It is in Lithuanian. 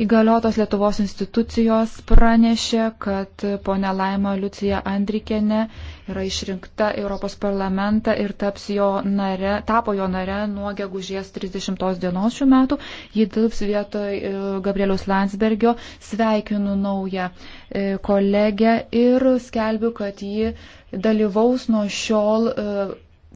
Įgaliotos Lietuvos institucijos pranešė, kad ponė Laima Liucija Andrikėne yra išrinkta Europos parlamentą ir taps jo nare, tapo jo nare nuo gegužės 30 dienos šių metų. Ji dirbs vietoj e, Gabrieliaus Landsbergio. Sveikinu naują e, kolegę ir skelbiu, kad ji dalyvaus nuo šiol e,